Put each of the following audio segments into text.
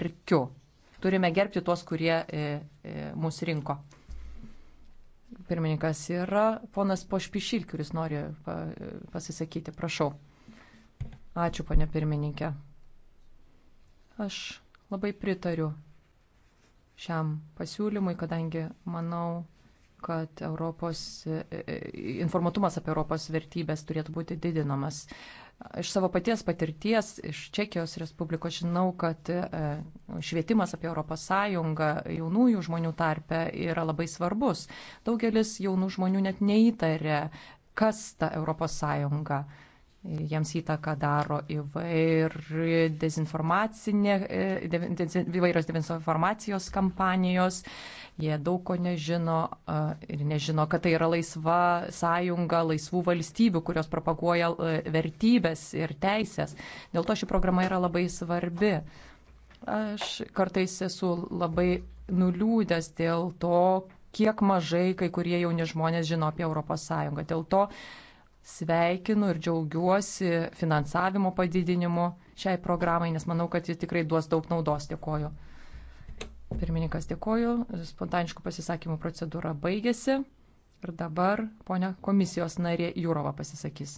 pirkiu. Turime gerbti tuos, kurie e, e, mūsų rinko. Pirmininkas yra ponas Pošpišil, kuris nori pa, e, pasisakyti. Prašau. Ačiū, ponė pirmininkė. Aš labai pritariu šiam pasiūlymui, kadangi manau, kad Europos, e, e, informatumas apie Europos vertybės turėtų būti didinamas. Iš savo paties patirties, iš Čekijos Respublikos žinau, kad e, švietimas apie ES jaunųjų žmonių tarpe yra labai svarbus. Daugelis jaunų žmonių net neįtarė, kas ta ES. Jiems įtaką daro įvair dezinformacinė, e, įvairios dezinformacijos kampanijos Jie daug ko nežino ir nežino, kad tai yra laisva sąjunga laisvų valstybių, kurios propaguoja vertybės ir teisės. Dėl to ši programa yra labai svarbi. Aš kartais esu labai nuliūdęs dėl to, kiek mažai kai kurie jauni žmonės žino apie ES. Dėl to sveikinu ir džiaugiuosi finansavimo padidinimu šiai programai, nes manau, kad ji tikrai duos daug naudos. Dėkoju. Pirmininkas dėkoju. Spontaniškų pasisakymų procedūra baigėsi. Ir dabar ponia komisijos narė Jūrova pasisakys.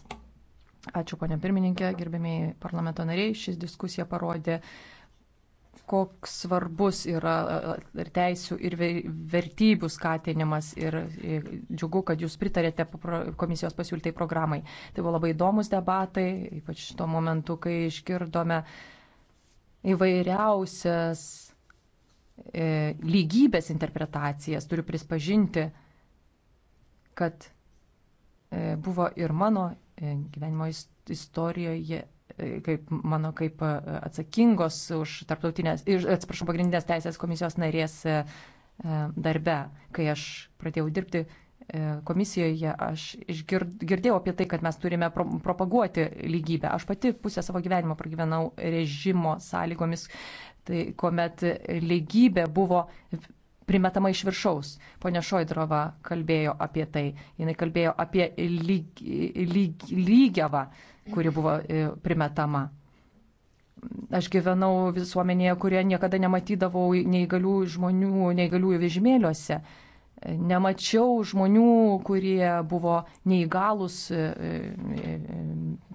Ačiū, ponia pirmininkė, gerbėmiai parlamento nariai. Šis diskusija parodė, koks svarbus yra e, e, ir teisų, ir vertybių skatinimas. Ir e, džiugu, kad jūs pritarėte komisijos pasiūlytai programai. Tai buvo labai įdomus debatai, ypač tuo momentu, kai išgirdome įvairiausias E, lygybės interpretacijas. Turiu prispažinti, kad e, buvo ir mano e, gyvenimo istorijoje, kaip mano kaip atsakingos už tarptautinės, atsiprašau, pagrindinės teisės komisijos narės darbe, kai aš pradėjau dirbti komisijoje aš išgird, girdėjau apie tai, kad mes turime pro, propaguoti lygybę. Aš pati pusę savo gyvenimo pragyvenau režimo sąlygomis, tai kuomet lygybė buvo primetama iš viršaus. Pone Šoidrova kalbėjo apie tai. Jis kalbėjo apie lyg, lyg, lygiavą, kuri buvo e, primetama. Aš gyvenau visuomenėje, kurioje niekada nematydavau neįgalių žmonių, neįgaliųjų vežimėliuose. Nemačiau žmonių, kurie buvo neįgalus, e, e,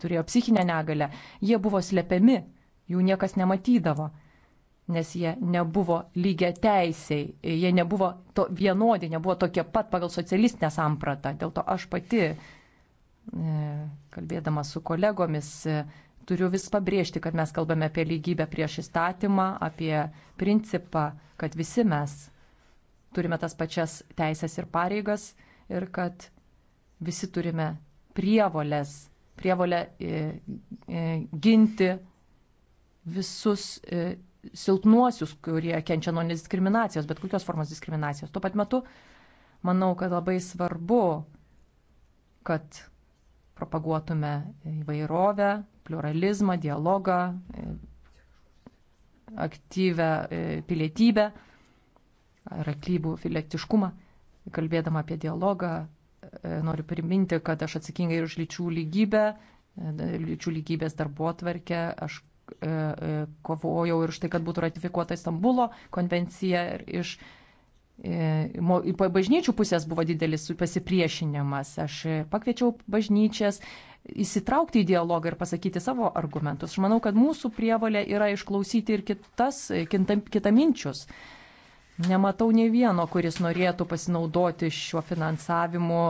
turėjo psichinę negalę. Jie buvo slepiami, jų niekas nematydavo nes jie nebuvo lygia teisiai, jie nebuvo to, vienodi, nebuvo tokie pat pagal socialistinę sampratą. Dėl to aš pati, e, kalbėdama su kolegomis, e, turiu vis pabrėžti, kad mes kalbame apie lygybę prieš įstatymą, apie principą, kad visi mes turime tas pačias teisės ir pareigas ir kad visi turime prievolės, prievolę e, ginti visus silpnuosius, kurie kenčia nuo diskriminacijos, bet kokios formos diskriminacijos. Tuo pat metu manau, kad labai svarbu, kad propaguotume įvairovę, pluralizmą, dialogą, e, aktyvę e, pilietybę ar aktyvų filetiškumą. Kalbėdama apie dialogą, e, noriu priminti, kad aš atsakingai ir už lyčių lygybę, lyčių lygybės darbo atvarkę, aš E, e, kovojau ir už tai, kad būtų ratifikuota Stambulo konvencija ir iš e, bažnyčių pusės buvo didelis pasipriešinimas. Aš pakviečiau bažnyčias įsitraukti į dialogą ir pasakyti savo argumentus. Aš manau, kad mūsų prievalė yra išklausyti ir kitas, kita, kitaminčius. Nematau ne vieno, kuris norėtų pasinaudoti šiuo finansavimu,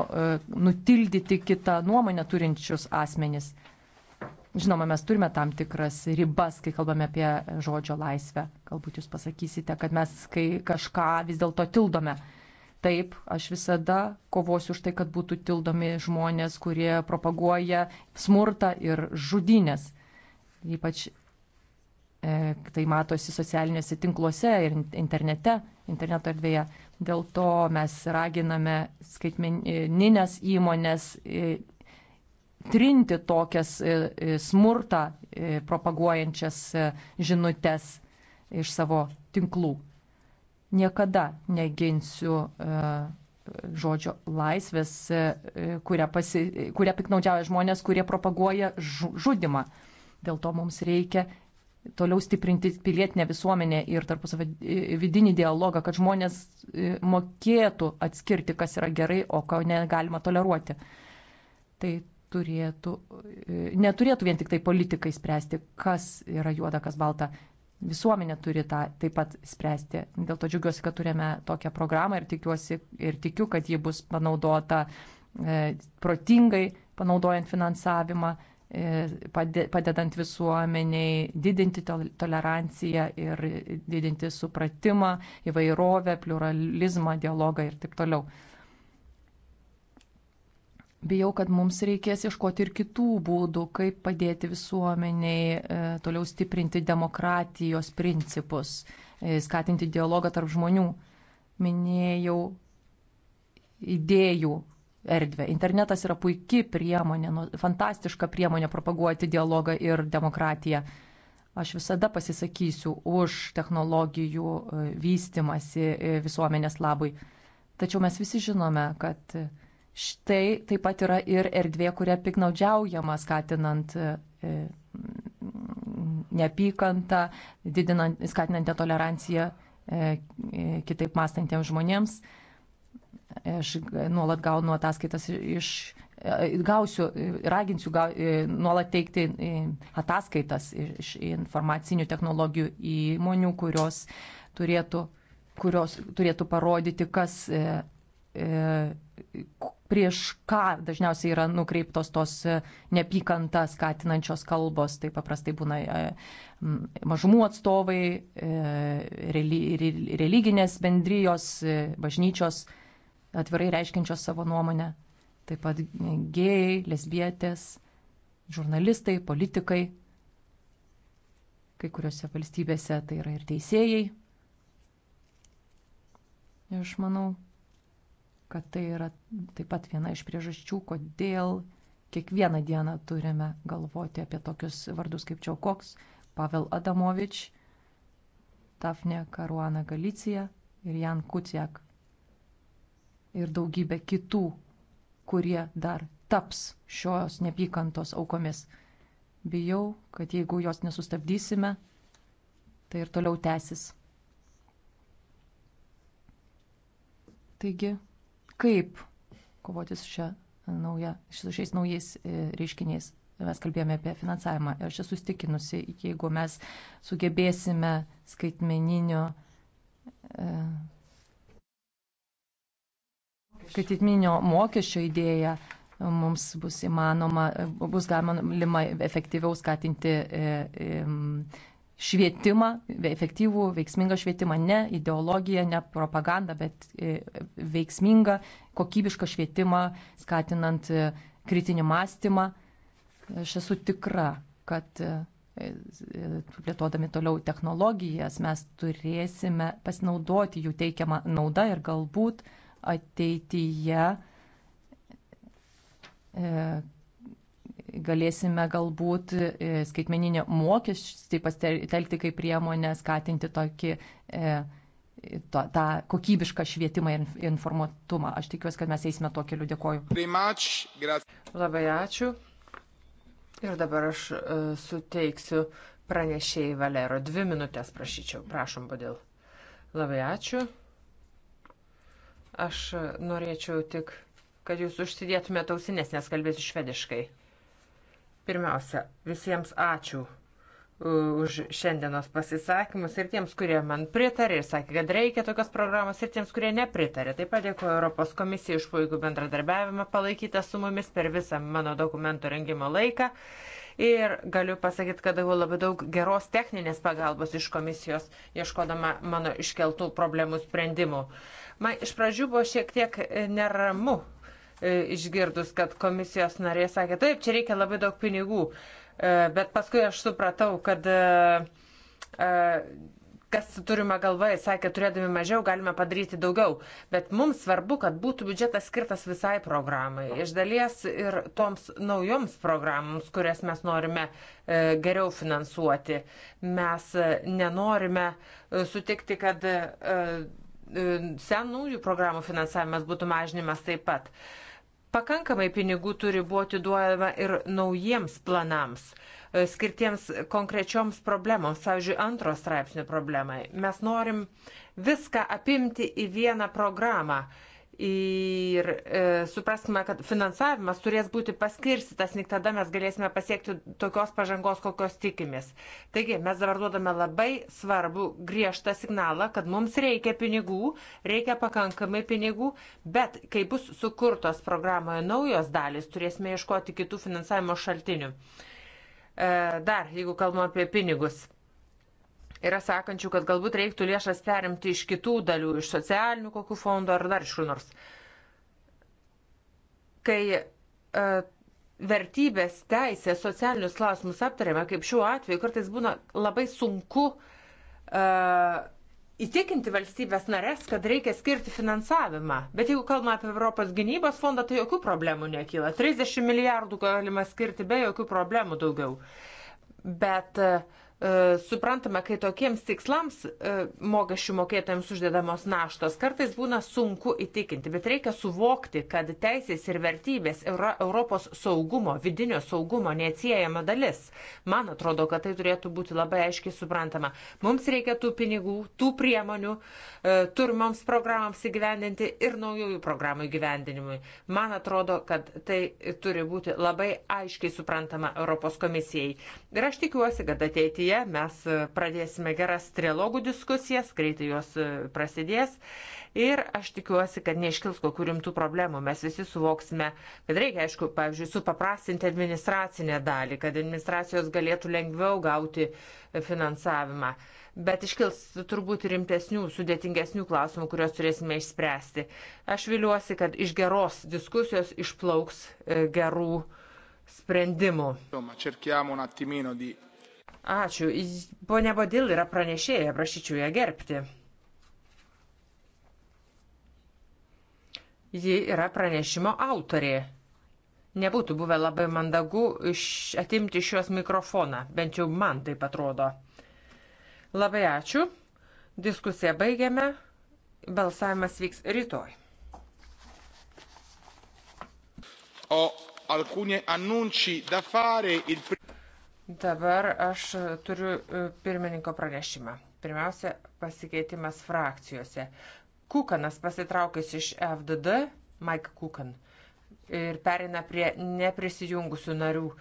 nutildyti kitą nuomonę turinčius asmenis. Žinoma, mes turime tam tikras ribas, kai kalbame apie žodžio laisvę. Galbūt jūs pasakysite, kad mes kai kažką vis dėlto tildome. Taip, aš visada kovosiu už tai, kad būtų tildomi žmonės, kurie propaguoja smurtą ir žudynės. Ypač e, tai matosi socialiniuose tinkluose ir internete, interneto erdvėje. Dėl to mes raginame skaitmeninės įmonės trinti tokias e, e, smurtą e, propaguojančias žinutės iš savo tinklų. Niekada neginsiu žodžio laisvės, kurią, pasi, kurią piknaudžiavo žmonės, kurie propaguoja žudimą. Dėl to mums reikia toliau stiprinti pilietinę visuomenę ir tarpusavį vidinį dialogą, kad žmonės mokėtų atskirti, kas yra gerai, o ko negalima toleruoti. Tai turėtų, neturėtų vien tik tai politikai spręsti, kas yra juoda, kas balta. Visuomenė turi tą taip pat spręsti. Dėl to džiugiuosi, kad turime tokią programą ir, tikiuosi, ir tikiu, kad ji bus panaudota e, protingai, panaudojant finansavimą, e, padedant visuomeniai didinti toleranciją ir didinti supratimą, įvairovę, pluralizmą, dialogą ir taip toliau. Bijau, kad mums reikės ieškoti ir kitų būdų, kaip padėti visuomeniai e, toliau stiprinti demokratijos principus, e, skatinti dialogą tarp žmonių. Minėjau idėjų erdvę. Internetas yra puikia priemonė, nu, fantastiška priemonė propaguoti dialogą ir demokratiją. Aš visada pasisakysiu už technologijų e, vystimasi e, visuomenės labui. Tačiau mes visi žinome, kad e, Štai taip pat yra ir erdvė, kuria piknaudžiaujama skatinant e, mm, neapykantą, didinant, skatinant netoleranciją e, e, kitaip mąstantiems žmonėms. Aš nuolat gaunu ataskaitas iš, gausiu, raginsiu gau, nuolat teikti ataskaitas iš informacinių technologijų įmonių, kurios turėtų, kurios turėtų parodyti, kas prieš ką dažniausiai yra nukreiptos tos e, neapykantą skatinančios kalbos, tai paprastai būna e, mažumų atstovai, e, religinės bendrijos, bažnyčios atvirai reiškinčios savo nuomonę, taip pat gėjai, lesbietės, žurnalistai, politikai, kai kuriuose valstybėse tai yra ir teisėjai. Aš manau, kad tai yra taip pat viena iš priežasčių, kodėl kiekvieną dieną turime galvoti apie tokius vardus kaip Čaukoks, Pavel Adamovič, Tafne Karuana Galicija ir Jan Kuciak ir daugybė kitų, kurie dar taps šios nepykantos aukomis. Bijau, kad jeigu jos nesustabdysime, tai ir toliau tęsis. Taigi, kaip kovoti su, šia, nauja, su šiais naujais e, reiškiniais. Mes kalbėjome apie finansavimą. Aš esu stikinusi, jeigu mes sugebėsime skaitmeninio, e, skaitmeninio mokesčio idėją mums bus įmanoma, bus galima efektyviau skatinti e, švietimą, efektyvų, veiksmingą švietimą, ne ideologiją, ne propagandą, bet e, veiksmingą, kokybišką švietimą, skatinant e, kritinį mąstymą. Aš esu tikra, kad e, plėtodami toliau technologijas mes turėsime pasinaudoti jų teikiamą naudą ir galbūt ateityje galėsime galbūt e, skaitmeninį mokestį pasitelkti kaip priemonę skatinti tokį, e, to, tą kokybišką švietimą ir informuotumą. Aš tikiuosi, kad mes eisime tuo keliu. Dėkoju. Labai ačiū. Ir dabar aš e, suteiksiu pranešėjai Valero. Dvi minutės prašyčiau. Prašom, kodėl. Labai ačiū. Aš norėčiau tik, kad jūs užsidėtumėte ausinės, nes kalbėsiu švediškai. Pirmiausia, visiems ačiū už šiandienos pasisakymus ir tiems, kurie man pritarė ir sakė, kad reikia tokios programos ir tiems, kurie nepritarė. Taip pat dėkuoju Europos komisijai už puikų bendradarbiavimą palaikytą su mumis per visą mano dokumento rengimo laiką. Ir galiu pasakyti, kad gavau labai daug geros techninės pagalbos iš komisijos, ieškodama mano iškeltų problemų sprendimų. Man iš pradžių buvo šiek tiek neramu E, išgirdus, kad komisijos narė sakė, taip, čia reikia labai daug pinigų, e, bet paskui aš supratau, kad e, kas turime galvoje, sakė, turėdami mažiau galime padaryti daugiau, bet mums svarbu, kad būtų biudžetas skirtas visai programai, iš dalies ir toms naujoms programoms, kurias mes norime geriau finansuoti. Mes nenorime sutikti, kad senųjų programų finansavimas būtų mažinimas taip pat. Uh, Pakankamai pinigų turi būti duojama ir naujiems planams, e, skirtiems konkrečioms problemoms, pavyzdžiui, antro straipsnio problemai. Mes norim viską apimti į vieną programą Ir e, supraskime, kad finansavimas turės būti paskirstytas, tik tada mes galėsime pasiekti tokios pažangos, kokios tikimės. Taigi, mes dabar duodame labai svarbu griežtą signalą, kad mums reikia pinigų, reikia pakankamai pinigų, bet kai bus sukurtos programoje naujos dalis, turėsime ieškoti kitų finansavimo šaltinių. E, dar, jeigu kalbame apie pinigus Yra sakančių, kad galbūt reiktų lėšas perimti iš kitų dalių, iš socialinių kokių fondų ar dar iš kur nors. Kai uh, vertybės, teisės, socialinius klausimus aptarėme, kaip šiuo atveju, kartais būna labai sunku uh, įtikinti valstybės narės, kad reikia skirti finansavimą. Bet jeigu kalbame apie Europos gynybos fondą, tai jokių problemų nekyla. 30 milijardų galima skirti be jokių problemų daugiau. Bet uh, E, suprantame, kai tokiems tikslams e, mokesčių mokėtojams uždedamos naštos, kartais būna sunku įtikinti, bet reikia suvokti, kad teisės ir vertybės yra Europos saugumo, vidinio saugumo neatsiejama dalis. Man atrodo, kad tai turėtų būti labai aiškiai suprantama. Mums reikia tų pinigų, tų priemonių, e, turimoms programams įgyvendinti ir naujųjų programų įgyvendinimui. Man atrodo, kad tai turi būti labai aiškiai suprantama Europos komisijai. Ir aš tikiuosi, kad ateityje ateityje mes e, pradėsime geras trilogų diskusijas, greitai jos e, prasidės. Ir aš tikiuosi, kad neiškils kokių rimtų problemų. Mes visi suvoksime, kad reikia, aišku, pavyzdžiui, supaprastinti administracinę dalį, kad administracijos galėtų lengviau gauti e, finansavimą. Bet iškils turbūt rimtesnių, sudėtingesnių klausimų, kuriuos turėsime išspręsti. Aš viliuosi, kad iš geros diskusijos išplauks gerų sprendimų. Insomma, cerchiamo un attimino di Ačiū. Pone Bodil yra pranešėja, prašyčiau ją gerbti. Ji yra pranešimo autorė. Nebūtų buvę labai mandagu iš, atimti šios mikrofoną, bent jau man tai atrodo. Labai ačiū. Diskusiją baigiame. Balsavimas vyks rytoj. O alcuni annunci da fare il Dabar aš turiu e, pirmininko pranešimą. Pirmiausia, pasikeitimas frakcijose. Kukanas pasitraukęs iš FDD, Mike Kukan, ir perina prie neprisijungusių narių e,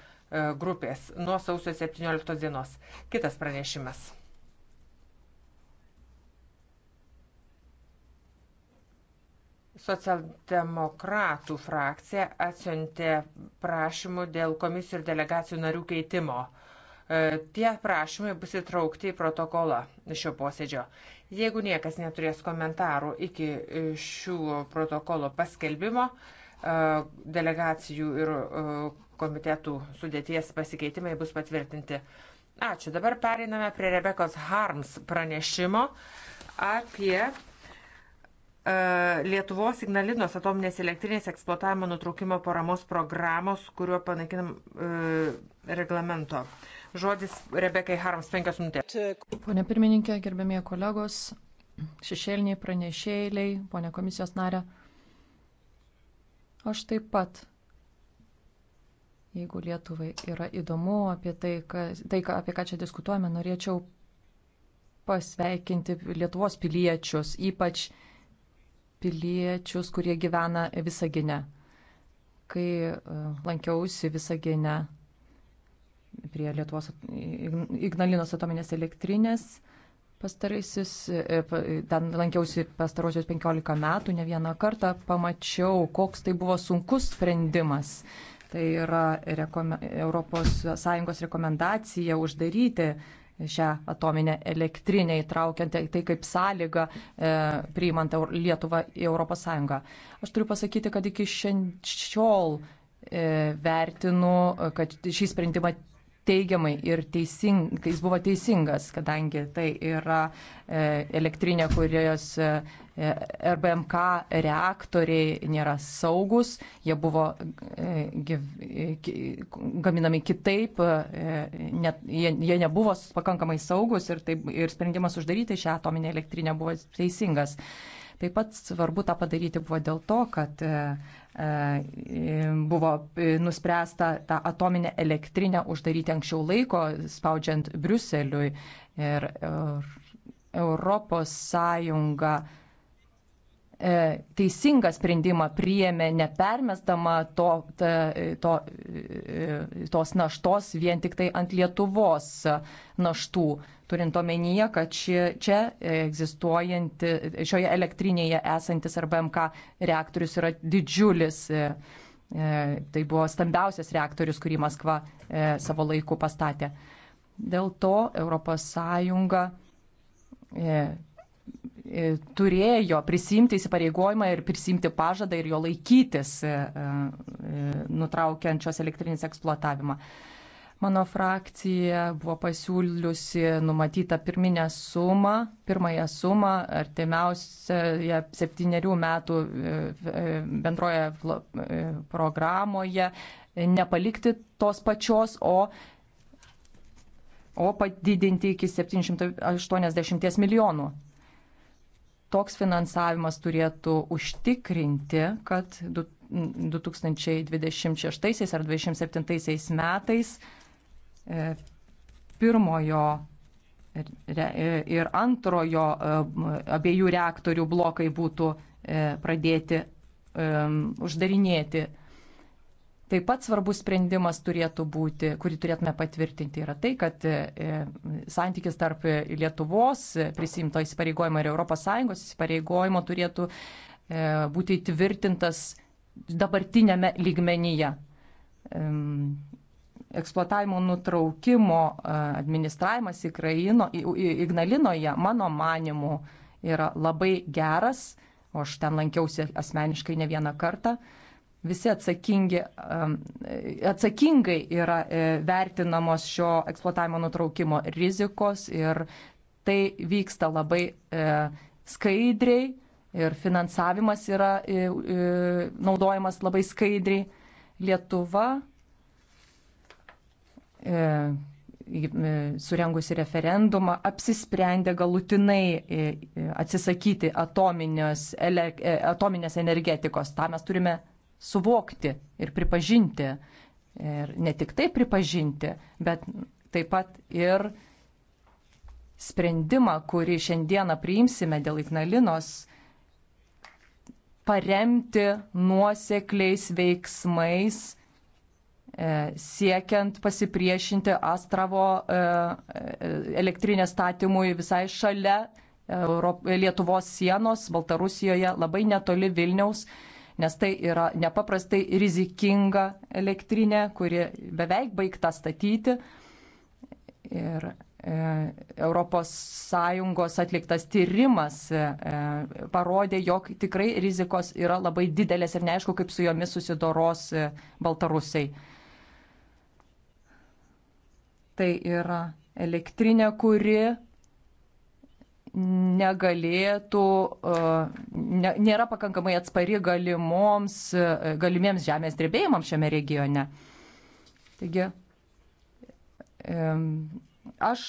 grupės nuo sausio 17 dienos. Kitas pranešimas. Socialdemokratų frakcija atsiuntė prašymų dėl komisijų ir delegacijų narių keitimo. E, tie prašymai bus įtraukti į protokolą šio posėdžio. Jeigu niekas neturės komentarų iki šių protokolo paskelbimo, e, delegacijų ir e, komitetų sudėties pasikeitimai bus patvirtinti. Ačiū. Dabar pereiname prie Rebekos Harms pranešimo apie E, Lietuvos Ignalinos atominės elektrinės eksploatavimo nutraukimo paramos programos, kuriuo panaikinam e, reglamento. Žodis Rebekai Harms, penkias minutės. Pone pirmininkė, gerbėmie kolegos, šešėliniai pranešėjai, pone komisijos narė. Aš taip pat, jeigu Lietuvai yra įdomu apie tai, ka, tai ka, apie ką čia diskutuojame, norėčiau pasveikinti Lietuvos piliečius, ypač uh, piliečius, kurie gyvena Visagine. Kai e, lankiausi Visagine prie Lietuvos Ignalinos atominės elektrinės, pastaraisis, e, ten lankiausi pastarosius 15 metų, ne vieną kartą pamačiau, koks tai buvo sunkus sprendimas. Tai yra Europos Sąjungos rekomendacija uždaryti šią atominę elektrinę, įtraukiant tai kaip sąlygą e, priimant Lietuvą į ES. Aš turiu pasakyti, kad iki šiol e, vertinu, kad šį sprendimą teigiamai ir teisingai, jis buvo teisingas, kadangi tai yra e, elektrinė, kurios e, e, RBMK reaktoriai nėra saugus, jie buvo gaminami kitaip, net, jie, jie nebuvo pakankamai saugus ir, taip, ir sprendimas uždaryti šią atominę elektrinę buvo teisingas. Taip pat svarbu tą padaryti buvo dėl to, kad e, e, buvo e, nuspręsta tą atominę elektrinę uždaryti anksčiau laiko, spaudžiant Bruseliui ir Europos Sąjungą E, teisingą sprendimą priėmė, nepermestama to, to, e, tos naštos vien tik tai ant Lietuvos naštų, turint omenyje, kad ši, čia egzistuojanti, šioje elektrinėje esantis arba MK reaktorius yra didžiulis. E, tai buvo stambiausias reaktorius, kurį Maskva savo laiku pastatė. Dėl to ES E, turėjo prisimti įsipareigojimą ir prisimti pažadą ir jo laikytis, e, e, nutraukiančios elektrinės eksploatavimą. Mano frakcija buvo pasiūliusi numatytą pirminę sumą, pirmąją sumą artimiausioje septyniarių metų bendroje programoje nepalikti tos pačios, o o padidinti iki 780 milijonų toks finansavimas turėtų užtikrinti, kad 2026 ar 2027 metais e, pirmojo e, ir antrojo e, abiejų reaktorių blokai būtų pradėti uždarinėti Taip pat svarbus sprendimas turėtų būti, kurį turėtume patvirtinti, yra tai, kad e, santykis tarp Lietuvos prisimto įsipareigojimo ir ES įsipareigojimo turėtų e, būti įtvirtintas dabartinėme lygmenyje. Eksploatavimo nutraukimo e, administravimas Ikraino, Ignalinoje, mano manimu, yra labai geras, o aš ten lankiausi asmeniškai ne vieną kartą visi atsakingi, atsakingai yra e, vertinamos šio eksploatavimo nutraukimo rizikos ir tai vyksta labai e, skaidriai ir finansavimas yra e, naudojamas labai skaidriai. Lietuva surengusi referendumą, apsisprendė galutinai atsisakyti atominės, atominės energetikos. Ta mes turime suvokti ir pripažinti. Ir ne tik tai pripažinti, bet taip pat ir sprendimą, kurį šiandieną priimsime dėl Ignalinos, paremti nuosekliais veiksmais e, siekiant pasipriešinti Astravo e, e, elektrinės statymui visai šalia Lietuvos sienos, Baltarusijoje, labai netoli Vilniaus nes tai yra nepaprastai rizikinga elektrinė, kuri beveik baigta statyti. Ir ES atliktas tyrimas e, parodė, jog tikrai rizikos yra labai didelės ir neaišku, kaip su jomis susidoros e, baltarusiai. Tai yra elektrinė, kuri negalėtų, e, ne, nėra pakankamai atspari galimoms, e, galimiems žemės drebėjimams šiame regione. Taigi, aš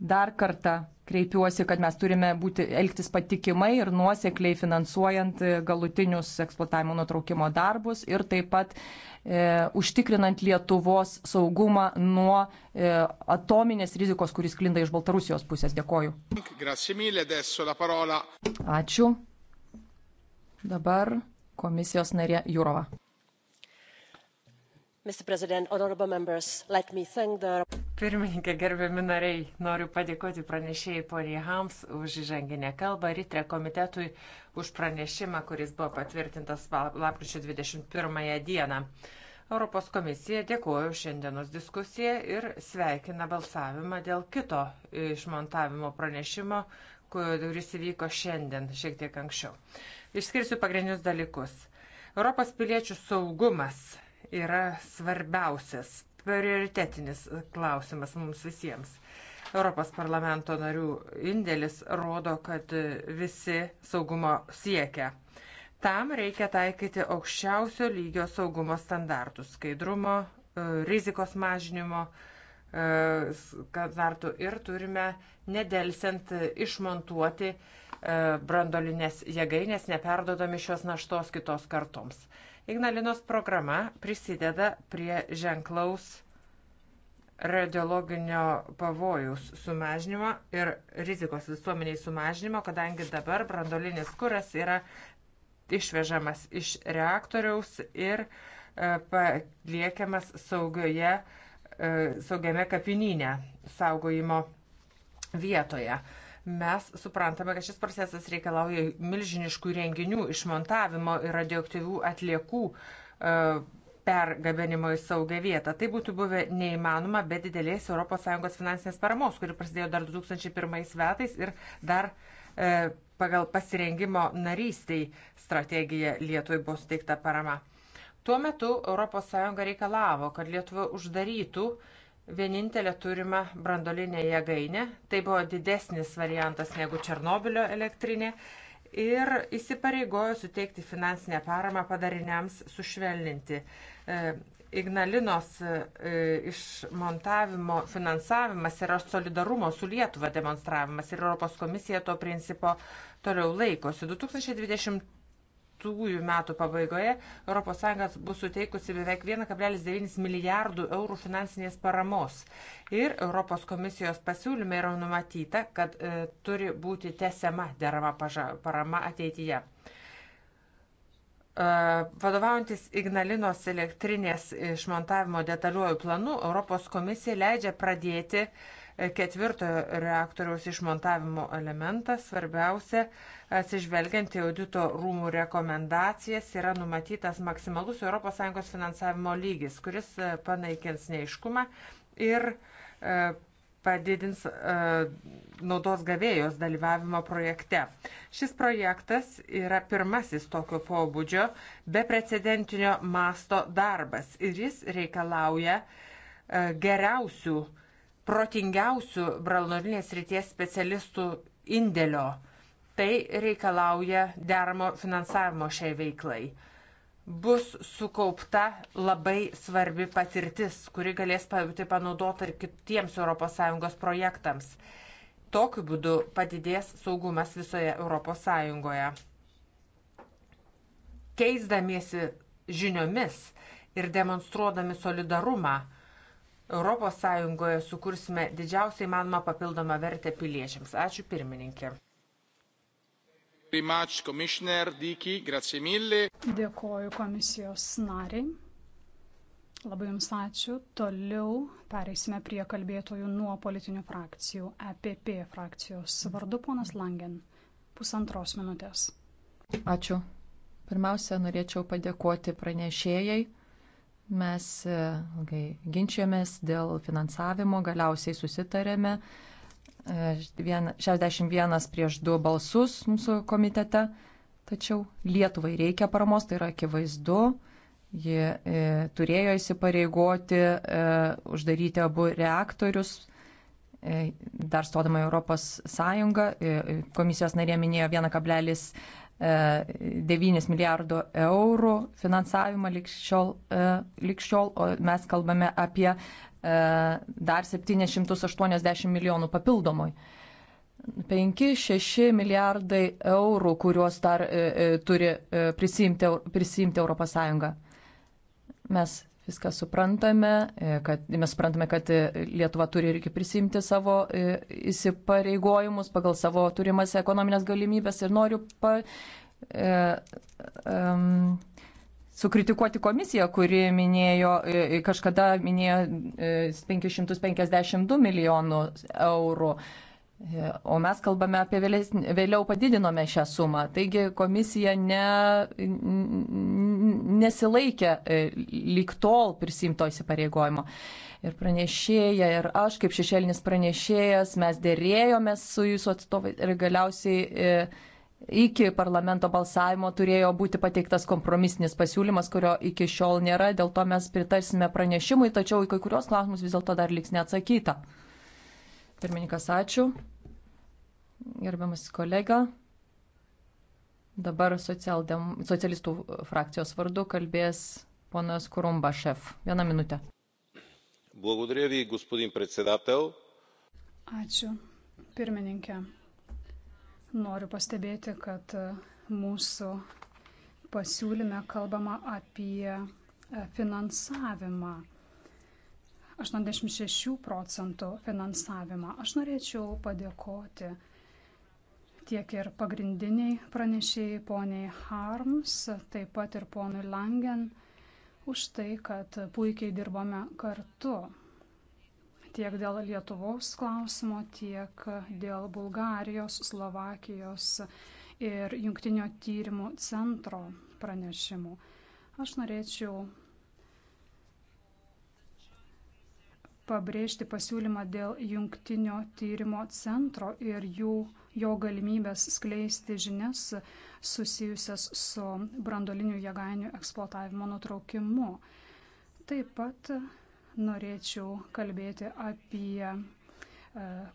dar kartą kreipiuosi, kad mes turime būti, elgtis patikimai ir nuosekliai finansuojant galutinius eksploatavimo nutraukimo darbus ir taip pat e, užtikrinant Lietuvos saugumą nuo e, atominės rizikos, kuris klinda iš Baltarusijos pusės. Dėkoju. Ačiū. Dabar komisijos narė Jūrova. The... Pirmininkė, gerbiami nariai, noriu padėkoti pranešėjai poniai Hams už įžanginę kalbą, Ritre komitetui už pranešimą, kuris buvo patvirtintas lapkričio 21 dieną. Europos komisija dėkoju šiandienos diskusiją ir sveikina balsavimą dėl kito išmontavimo pranešimo, kuris įvyko šiandien, šiek tiek anksčiau. Išskirsiu pagrindinius dalykus. Europos piliečių saugumas yra svarbiausias, prioritetinis klausimas mums visiems. Europos parlamento narių indėlis rodo, kad visi saugumo siekia. Tam reikia taikyti aukščiausio lygio saugumo standartus - skaidrumo, e, rizikos mažinimo, e, standartų ir turime nedelsiant išmontuoti e, brandolinės jėgainės, neperdodami šios naštos kitos kartoms. Ignalinos programa prisideda prie ženklaus radiologinio pavojaus sumažinimo ir rizikos visuomeniai sumažinimo, kadangi dabar brandolinis kuras yra išvežamas iš reaktoriaus ir e, paliekamas saugioje, e, saugiame kapinyne saugojimo vietoje. Mes suprantame, kad šis procesas reikalauja milžiniškų renginių išmontavimo ir radioaktyvių atliekų e, pergabenimo į saugę vietą. Tai būtų buvę neįmanoma be didelės ES finansinės paramos, kuri prasidėjo dar 2001 metais ir dar e, pagal pasirengimo narystiai strategiją Lietuvai buvo suteikta parama. Tuo metu ES reikalavo, kad Lietuva uždarytų e, vienintelę turimą brandolinę jėgainę. Tai buvo didesnis variantas negu Černobilio elektrinė ir įsipareigojo suteikti finansinę paramą padariniams sušvelninti. E, Ignalinos e, išmontavimo finansavimas yra solidarumo su Lietuva demonstravimas ir Europos komisija to principo toliau laikosi. 2020 2015 metų pabaigoje ES bus suteikusi beveik 1,9 milijardų eurų finansinės paramos. Ir Europos komisijos pasiūlyme yra numatyta, kad e, turi būti tesiama derama parama ateityje. E, vadovaujantis Ignalinos elektrinės išmontavimo detaliuoju planu, Europos komisija leidžia pradėti uh, ketvirtojo reaktoriaus išmontavimo elementas. Svarbiausia, atsižvelgiant į audito rūmų rekomendacijas, yra numatytas maksimalus ES finansavimo lygis, kuris e, panaikins neiškumą ir e, padidins e, naudos gavėjos dalyvavimo projekte. Šis projektas yra pirmasis tokio pobūdžio beprecedentinio masto darbas ir jis reikalauja geriausių uh, protingiausių branduolinės ryties specialistų indėlio. Tai reikalauja deramo finansavimo šiai veiklai. Bus sukaupta labai svarbi patirtis, kuri galės būti panaudota ir kitiems ES projektams. Tokiu būdu padidės saugumas visoje ES. Keisdamiesi žiniomis ir demonstruodami solidarumą ES sukursime didžiausiai manoma papildomą vertę piliečiams. Ačiū pirmininkė. Dėkoju komisijos nariai. Labai Jums ačiū. Toliau pereisime prie kalbėtojų nuo politinių frakcijų. EPP frakcijos vardu ponas Langen. Pusantros minutės. Ačiū. Pirmiausia, norėčiau padėkoti pranešėjai Mes e, ilgai ginčiamės dėl finansavimo, galiausiai susitarėme 61 e, prieš 2 balsus mūsų komitete, tačiau Lietuvai reikia paramos, tai yra akivaizdu. Ji e, turėjo įsipareigoti e, uždaryti abu reaktorius e, dar stodama į Europos Sąjungą, komisijos narė minėjo 1,1 9 milijardo eurų finansavimą likščiol, e, likščiol, o mes kalbame apie e, dar 780 milijonų papildomui. 5-6 milijardai eurų, kuriuos dar e, turi prisimti, prisimti ES. Mes viską suprantame, e, kad mes suprantame, kad e, Lietuva turi irgi prisimti savo e, įsipareigojimus pagal savo turimas ekonominės galimybės ir noriu pa, e, um, sukritikuoti komisiją, kuri minėjo, kažkada minėjo 552 milijonų eurų. O mes kalbame apie vėlesnį, vėliau padidinome šią sumą. Taigi komisija ne, nesilaikė e, lyg tol prisimto įsipareigojimo. Ir pranešėja, ir aš kaip šešėlinis pranešėjas, mes dėrėjomės su jūsų atstovais ir galiausiai e, iki parlamento balsavimo turėjo būti pateiktas kompromisinis pasiūlymas, kurio iki šiol nėra. Dėl to mes pritarsime pranešimui, tačiau į kai kurios klausimus vis dėlto dar liks neatsakyta. Pirmininkas, ačiū. Gerbiamas kolega. Dabar socialdem, socialistų frakcijos vardu kalbės ponas Kurumbašev. Vieną minutę. Благодаря ви, господин председател. Ačiū, pirmininkė. Noriu pastebėti, kad mūsų pasiūlyme kalbama apie finansavimą 86 procentų finansavimą. Aš norėčiau padėkoti tiek ir pagrindiniai pranešėjai poniai Harms, taip pat ir ponui Langen už tai, kad puikiai dirbame kartu tiek dėl Lietuvos klausimo, tiek dėl Bulgarijos, Slovakijos ir Junktinio tyrimų centro pranešimų. Aš norėčiau pabrėžti pasiūlymą dėl jungtinio tyrimo centro ir jų, jo galimybės skleisti žinias susijusias su brandolinių jėgainių eksploatavimo nutraukimu. Taip pat norėčiau kalbėti apie e,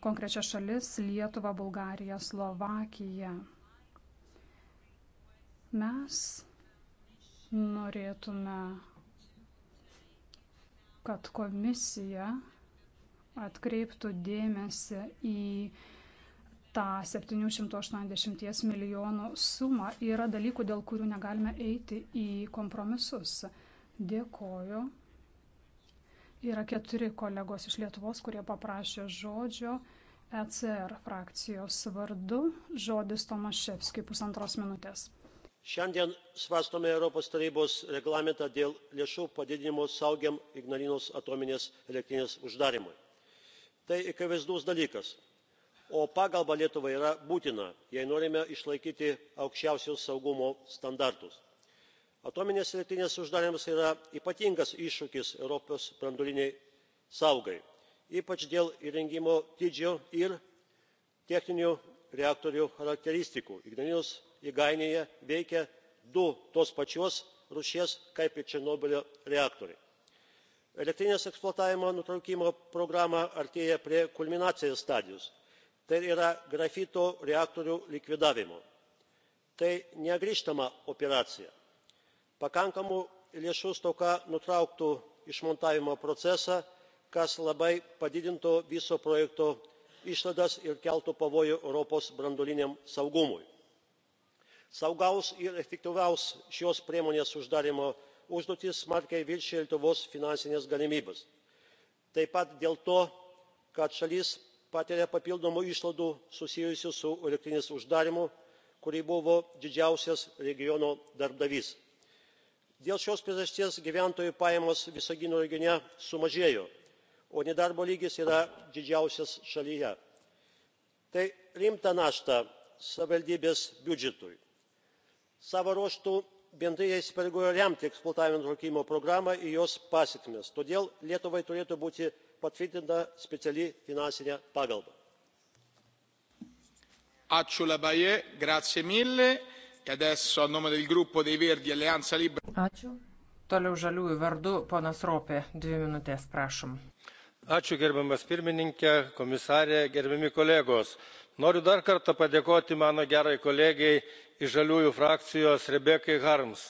konkrečias šalis - Lietuvą, Bulgariją, Slovakiją. Mes norėtume kad komisija atkreiptų dėmesį į tą 780 milijonų sumą. Yra dalykų, dėl kurių negalime eiti į kompromisus. Dėkoju. Yra keturi kolegos iš Lietuvos, kurie paprašė žodžio ECR frakcijos vardu. Žodis Tomaševskiai pusantros minutės šiandien svarstome europos tarybos reglamentą dėl lėšų padidinimo saugiam ignalinos atominės elektrinės uždarymui. tai akivaizdus dalykas o pagalba lietuvai yra būtina jei norime išlaikyti aukščiausius saugumo standartus. atominės elektrinės uždarymas yra ypatingas iššūkis europos branduolinei saugai ypač dėl įrengimo dydžio ir techninių reaktorių charakteristikų. ignalinos kėdainiuje veikia du tos pačios rūšies kaip ir černobylio reaktoriai. elektrinės eksploatavimo nutraukimo programa artėja prie kulminacijos stadijos tai yra grafito reaktorių likvidavimo. tai negrįžtama operacija. pakankamų lėšų stoka nutrauktų išmontavimo procesą kas labai padidintų viso projekto išlaidas ir keltų pavojų europos branduoliniam saugumui saugaus ir efektyvaus šios priemonės uždarymo užduotys smarkiai viršija lietuvos finansines galimybes taip pat dėl to kad šalis patiria papildomų išlaidų susijusių su elektrinės uždarymu kuri buvo didžiausias regiono darbdavys. dėl šios priežasties gyventojų pajamos visagino regione sumažėjo o nedarbo lygis yra didžiausias šalyje. tai rimta našta savivaldybės biudžetui savo ruožtu bendrija įsipareigojo remti eksploatavimo nutraukimo programą ir jos pasekmes todėl lietuvai turėtų būti patvirtinta speciali finansinė pagalba. ačiū. E toliau žaliųjų vardu ponas ropė dvi minutės prašom. ačiū gerbiamas pirmininke komisare gerbiami kolegos noriu dar kartą padėkoti mano gerai kolegei iš žaliųjų frakcijos rebekai harms.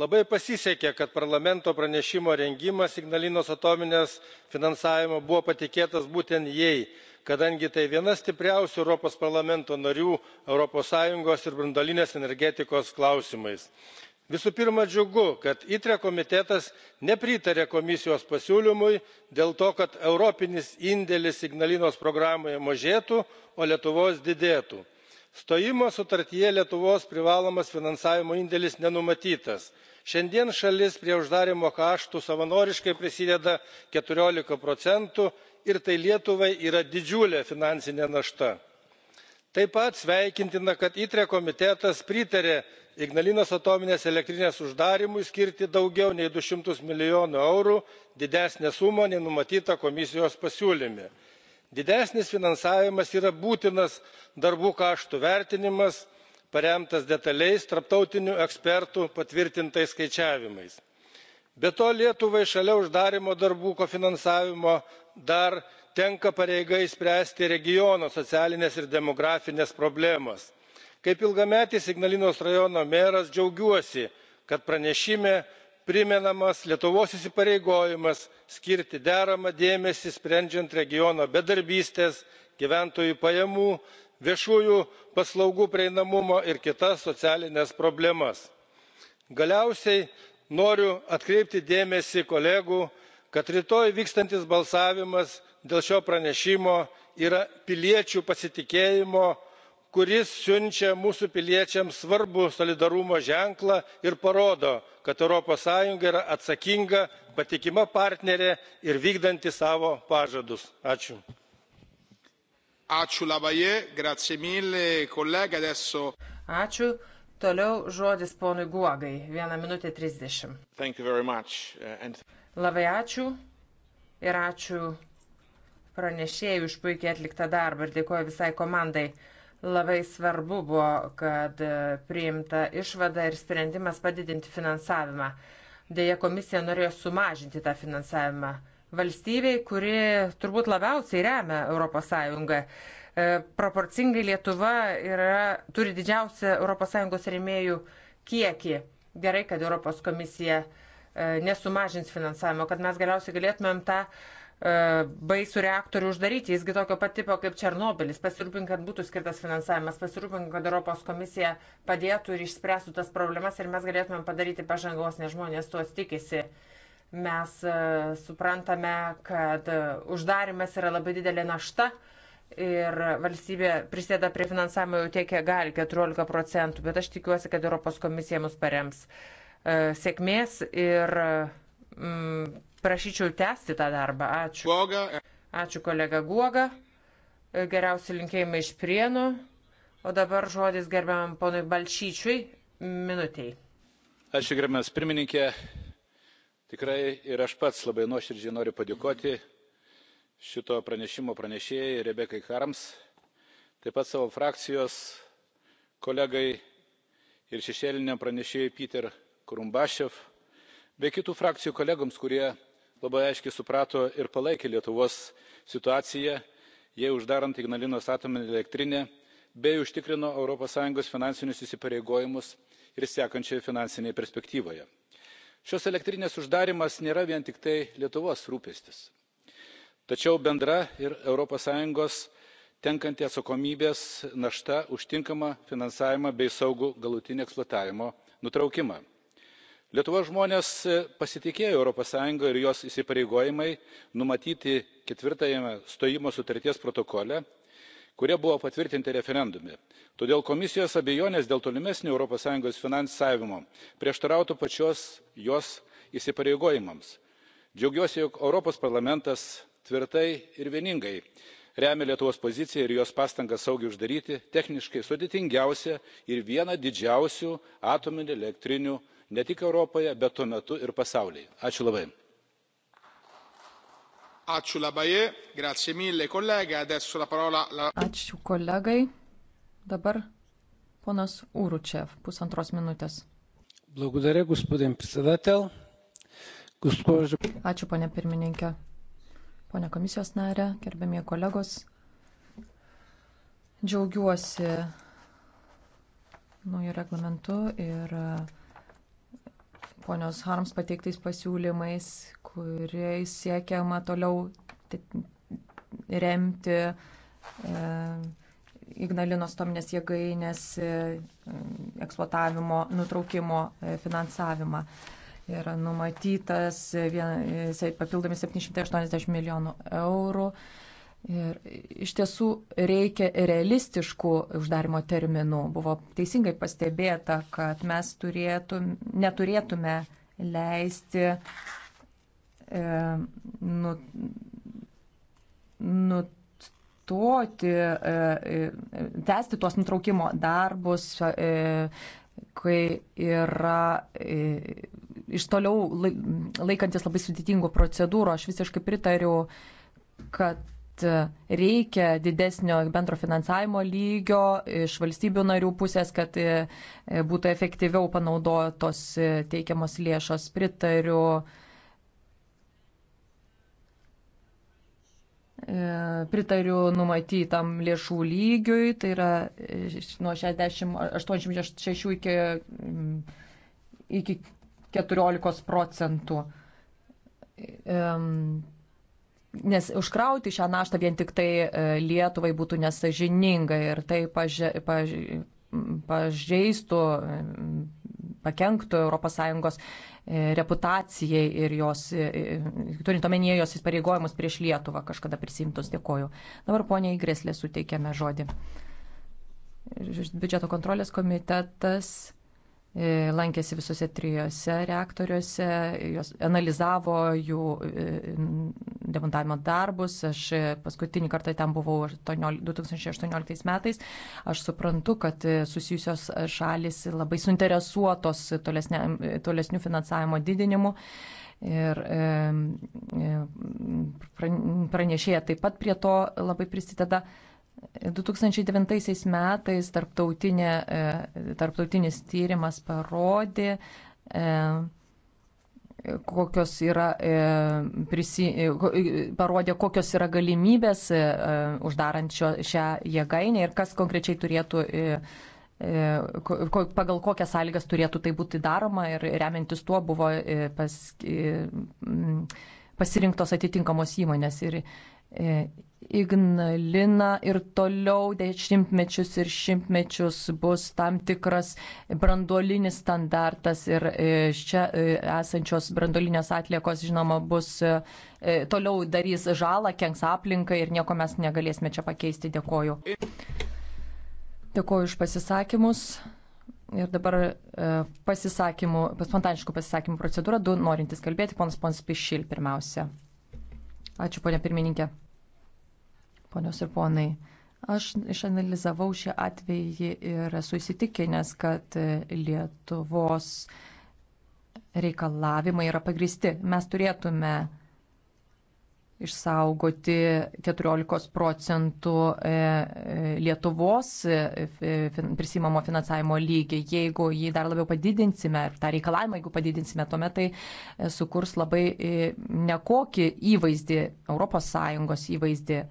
labai pasisekė kad parlamento pranešimo rengimas ignalinos atominės finansavimo buvo patikėtas būtent jai kadangi tai viena stipriausių europos parlamento narių europos sąjungos ir branduolinės energetikos klausimais visų pirma džiugu kad itre komitetas nepritarė komisijos pasiūlymui dėl to kad europinis indėlis ignalinos programoje mažėtų o lietuvos didėtų. stojimo sutartyje lietuvos privalomas finansavimo indėlis nenumatytas. šiandien šalis prie uždarymo kaštų savanoriškai prisideda keturiolika procentų ir tai lietuvai yra didžiulė finansinė našta. taip pat sveikintina kad itre komitetas pritarė ignalinos atominės elektrinės uždarymui skirti daugiau nei du šimtus milijonų eurų didesnę sumą nei numatyta komisijos pasiūlyme. didesnis finansavimas yra būtinas darbų kaštų vertinimas paremtas detaliais tarptautinių ekspertų patvirtintais skaičiavimais. be to lietuvai šalia uždarymo darbų kofinansavimo dar tenka pareiga išspręsti regiono socialines ir demografines problemas kaip ilgametis ignalinos rajono meras džiaugiuosi kad pranešime primenamas lietuvos įsipareigojimas skirti deramą dėmesį sprendžiant regiono bedarbystės gyventojų pajamų viešųjų paslaugų prieinamumo ir kitas socialines problemas. galiausiai noriu atkreipti dėmesį kolegų kad rytoj vykstantis balsavimas dėl šio pranešimo yra piliečių pasitikėjimo kuris siunčia mūsų piliečiams svarbų solidarumo ženklą ir parodo kad europos sąjunga yra atsakinga patikima partnerė ir vykdanti savo pažadus. ačiū. Toliau žodis ponui Guogai. Vieną minutę 30. And... Labai ačiū ir ačiū pranešėjų už puikiai atliktą darbą ir dėkoju visai komandai. Labai svarbu buvo, kad e, priimta išvada ir sprendimas padidinti finansavimą. Deja, komisija norėjo sumažinti tą finansavimą. Valstybei, kuri turbūt labiausiai remia ES, e, proporcingai Lietuva yra, turi didžiausią ES remėjų kiekį. Gerai, kad ES komisija e, nesumažins finansavimo, kad mes galiausiai galėtumėm tą uh, E, baisų reaktorių uždaryti. Jisgi tokio pat tipo kaip Černobilis. Pasirūpink, kad būtų skirtas finansavimas, pasirūpink, kad Europos komisija padėtų ir išspręstų tas problemas ir mes galėtumėm padaryti pažangos, nes žmonės tuos tikisi. Mes e, suprantame, kad e, uždarimas yra labai didelė našta. Ir valstybė prisėda prie finansavimo jau tiek, kiek gali, 14 procentų, bet aš tikiuosi, kad Europos komisija mus parems. Sėkmės ir mm, Prašyčiau tęsti tą darbą. Ačiū. Ačiū kolega Guoga. Geriausi linkėjimai iš Prienų. O dabar žodis gerbiamam ponui Balčyčiui minutiai. Ačiū gerbiamas pirmininkė. Tikrai ir aš pats labai nuoširdžiai noriu padėkoti šito pranešimo pranešėjai Rebekai Harms, taip pat savo frakcijos kolegai ir šešėliniam pranešėjui Peter Kurumbašev, bei kitų frakcijų kolegoms, kurie labai aiškiai suprato ir palaikė lietuvos situaciją jai uždarant ignalinos atominę elektrinę bei užtikrino europos sąjungos finansinius įsipareigojimus ir sekančioje finansinėje perspektyvoje. šios elektrinės uždarymas nėra vien tik tai lietuvos rūpestis tačiau bendra ir europos sąjungos tenkanti atsakomybės našta už tinkamą finansavimą bei saugų galutinį eksploatavimo nutraukimą lietuvos žmonės e, pasitikėjo europos sąjunga ir jos įsipareigojimais numatytais ketvirtajame stojimo sutarties protokole kurie buvo patvirtinti referendume todėl komisijos abejonės dėl tolimesnio europos sąjungos finansavimo prieštarautų pačios jos įsipareigojimams. džiaugiuosi jog europos parlamentas tvirtai ir vieningai remia lietuvos poziciją ir jos pastangas saugiai uždaryti techniškai sudėtingiausią ir vieną didžiausių atominių elektrinių ne tik europoje bet tuo metu ir pasaulyje. ačiū labai. ačiū kolegai. dabar ponas uručev pusantros minutės. ačiū pone pirmininke. Pone komisijos narė, gerbėmie kolegos, džiaugiuosi naujų reglamentų ir uh, ponios Harms pateiktais pasiūlymais, kuriais siekiama toliau remti e, Ignalinos tominės jėgainės e, eksploatavimo nutraukimo e, finansavimą. Yra numatytas e, vien, e, papildomi 780 milijonų eurų. E, Ir iš tiesų reikia realistiškų uždarimo terminų. Buvo teisingai pastebėta, kad mes turėtum, neturėtume leisti e, nu, nu, nustoti, e, e, tęsti tuos nutraukimo darbus, e, kai yra iš toliau laikantis labai sudėtingų procedūrų. Aš visiškai pritariu, kad kad reikia didesnio bendro finansavimo lygio iš valstybių narių pusės, kad e, būtų efektyviau panaudotos e, teikiamos lėšos. Pritariu e, pritariu numatytam lėšų lygiui, tai yra nuo 60, 86 iki, iki 14 procentų nes užkrauti šią naštą vien tik tai e, Lietuvai būtų nesažininga ir tai paže, paže, pažeistų, pakenktų ES e, reputacijai ir jos, e, turint omenyje jos įsipareigojimus prieš Lietuvą kažkada prisimtus, dėkoju. Dabar poniai Greslė suteikėme žodį. Biudžeto kontrolės komitetas E, lankėsi visose trijose reaktoriuose, jos analizavo jų e, demontavimo darbus. Aš e, paskutinį kartą ten buvau 2018 metais. Aš suprantu, kad susijusios šalis labai suinteresuotos tolesnė, tolesnių finansavimo didinimu. Ir pranešėja taip pat prie to labai prisideda. 2009 metais tarptautinė, e, tarptautinis tyrimas parodė, e, kokios yra, e, prisi, parodė, kokios yra galimybės uždarant šio, šią jėgainę ir kas konkrečiai turėtų, pagal kokias sąlygas turėtų tai būti daroma ir remiantis tuo buvo pas, pasirinktos atitinkamos įmonės. Ir, Ignalina ir toliau dešimtmečius ir šimtmečius bus tam tikras branduolinis standartas ir čia e, e, esančios branduolinės atliekos, žinoma, bus e, toliau darys žalą, kenks aplinkai ir nieko mes negalėsime čia pakeisti. Dėkoju. Dėkoju už pasisakymus. Ir dabar pasisakymų, spontaniškų pasisakymų procedūra, du norintys kalbėti, ponas Ponspišil pirmiausia. Ačiū, ponia pirmininkė ponios ir ponai. Aš išanalizavau šį atvejį ir esu įsitikinęs, kad Lietuvos reikalavimai yra pagristi. Mes turėtume išsaugoti 14 procentų e, e, Lietuvos e, prisimamo finansavimo lygį. Jeigu jį dar labiau padidinsime, tą reikalavimą, jeigu padidinsime, tuomet tai sukurs labai nekokį įvaizdį, ES įvaizdį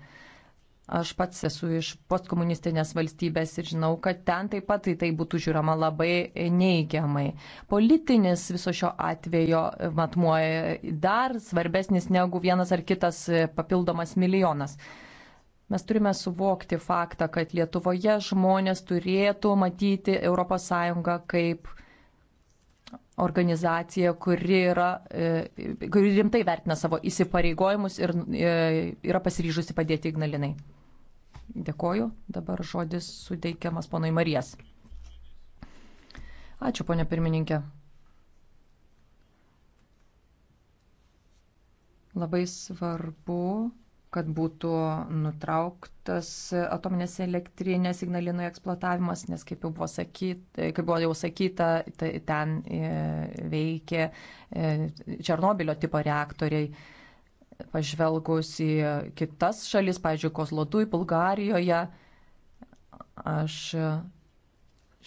Aš pats esu iš postkomunistinės valstybės ir žinau, kad ten taip pat į tai būtų žiūrama labai neigiamai. Politinis viso šio atvejo matmuoja dar svarbesnis negu vienas ar kitas papildomas milijonas. Mes turime suvokti faktą, kad Lietuvoje žmonės turėtų matyti ES kaip organizacija, kuri, yra, e, kuri rimtai vertina savo įsipareigojimus ir e, yra pasiryžusi padėti Ignalinai. Dėkoju. Dabar žodis suteikiamas ponai Marijas. Ačiū, ponė pirmininkė. Labai svarbu, kad būtų nutrauktas atominės elektrinės signalinoje eksploatavimas, nes kaip jau buvo, sakyt, kaip buvo jau sakyta, tai ten e, veikė e, Černobilio tipo reaktoriai pažvelgus į kitas šalis, pavyzdžiui, Kozlodui, Bulgarijoje, aš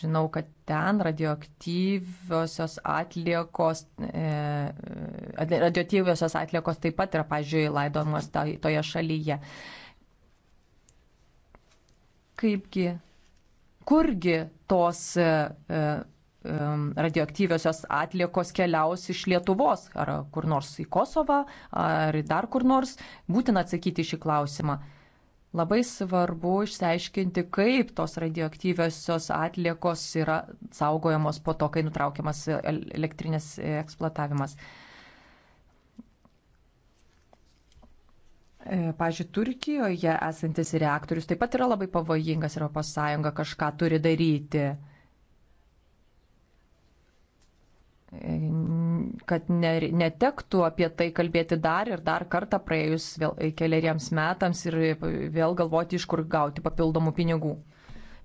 žinau, kad ten radioaktyviosios atliekos, e, radioaktyviosios atliekos taip pat yra, pažiūrėjau, laidomos toje šalyje. Kaipgi, kurgi tos e, radioaktyviosios atliekos keliaus iš Lietuvos ar kur nors į Kosovą ar dar kur nors, būtina atsakyti šį klausimą. Labai svarbu išsiaiškinti, kaip tos radioaktyviosios atliekos yra saugojamos po to, kai nutraukiamas elektrinės eksploatavimas. E, pavyzdžiui, Turkijoje esantis reaktorius taip pat yra labai pavojingas Europos Sąjunga kažką turi daryti kad netektų apie tai kalbėti dar ir dar kartą praėjus vėl keliariems metams ir vėl galvoti, iš kur gauti papildomų pinigų.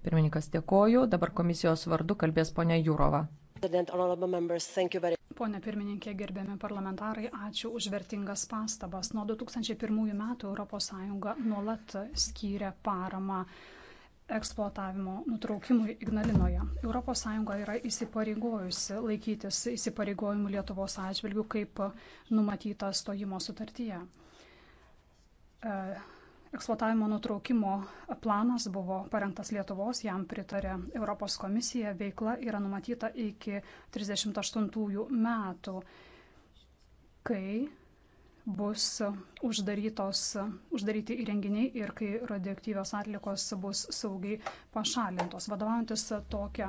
Pirmininkas dėkoju, dabar komisijos vardu kalbės ponia Jūrova. Pone pirmininkė, gerbiami parlamentarai, ačiū už vertingas pastabas. Nuo 2001 metų ES nuolat skyrė paramą eksploatavimo nutraukimui Ignalinoje. ES yra įsipareigojusi laikytis įsipareigojimų Lietuvos atžvilgių, kaip numatyta stojimo sutartyje. E, eksploatavimo nutraukimo planas buvo parengtas Lietuvos, jam pritarė Europos komisija, veikla yra numatyta iki 1938 metų, kai bus uždaryti įrenginiai ir kai radioaktyvios atlikos bus saugiai pašalintos. Vadovaujantis tokią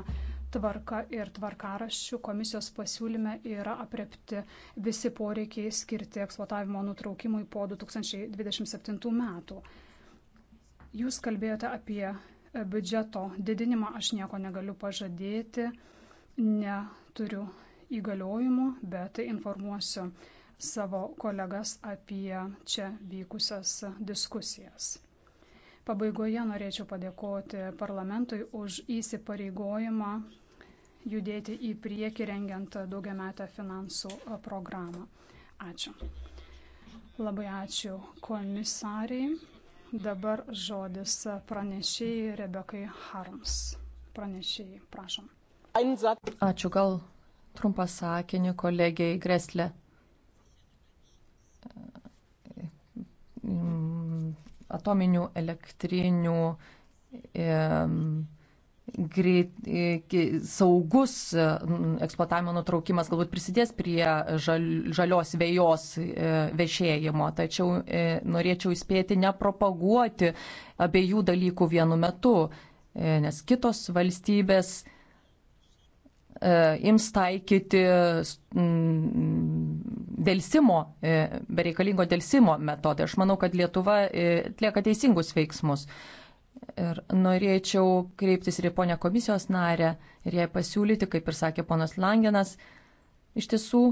tvarką ir tvarkaraščių komisijos pasiūlyme yra aprepti visi poreikiai skirti eksploatavimo nutraukimui po 2027 metų. Jūs kalbėjote apie biudžeto didinimą, aš nieko negaliu pažadėti, neturiu įgaliojimų, bet informuosiu savo kolegas apie čia vykusias diskusijas. Pabaigoje norėčiau padėkoti parlamentui už įsipareigojimą judėti į priekį rengiant daugiametę finansų programą. Ačiū. Labai ačiū komisariai. Dabar žodis pranešėjai Rebekai Harms. Pranešėjai, prašom. Ačiū, gal trumpą sakinį kolegijai Greslė. atominių elektrinių e, greit, e, saugus eksploatavimo nutraukimas galbūt prisidės prie žal, žalios vėjos e, vešėjimo, tačiau e, norėčiau įspėti nepropaguoti abiejų dalykų vienu metu, e, nes kitos valstybės e, ims taikyti. Mm, dėlsimo, e, bereikalingo dėlsimo metodai. Aš manau, kad Lietuva e, atlieka teisingus veiksmus. Ir norėčiau kreiptis ir į ponę komisijos narę ir jai pasiūlyti, kaip ir sakė ponas Langenas, iš tiesų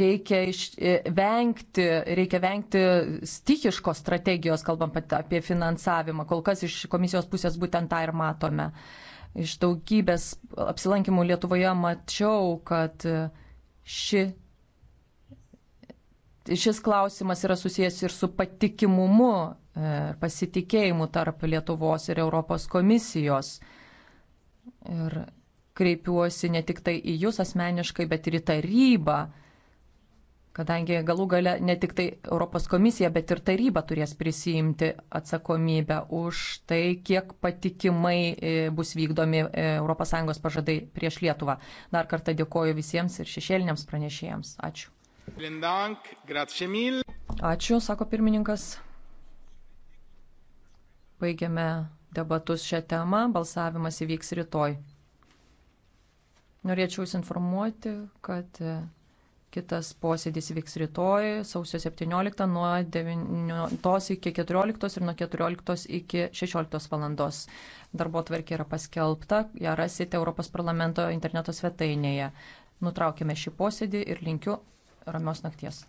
reikia iš, e, vengti, reikia vengti stichiškos strategijos, kalbant apie finansavimą. Kol kas iš komisijos pusės būtent tą ir matome. Iš daugybės apsilankimų Lietuvoje mačiau, kad uh, ši šis klausimas yra susijęs ir su patikimumu, e, pasitikėjimu tarp Lietuvos ir Europos komisijos. Ir kreipiuosi ne tik tai į Jūs asmeniškai, bet ir į tarybą kadangi galų gale ne tik tai Europos komisija, bet ir taryba turės prisijimti atsakomybę už tai, kiek patikimai e, bus vykdomi ES pažadai prieš Lietuvą. Dar kartą dėkoju visiems ir šešėliniams pranešėjams. Ačiū. Ačiū, sako pirmininkas. Baigiame debatus šią temą. Balsavimas įvyks rytoj. Norėčiau Jūs informuoti, kad e, Kitas posėdis vyks rytoj, sausio 17, nuo 9 iki 14 ir nuo 14 iki 16 valandos. Darbo tvarkė yra paskelbta, ją rasite Europos parlamento interneto svetainėje. Nutraukime šį posėdį ir linkiu ramios nakties.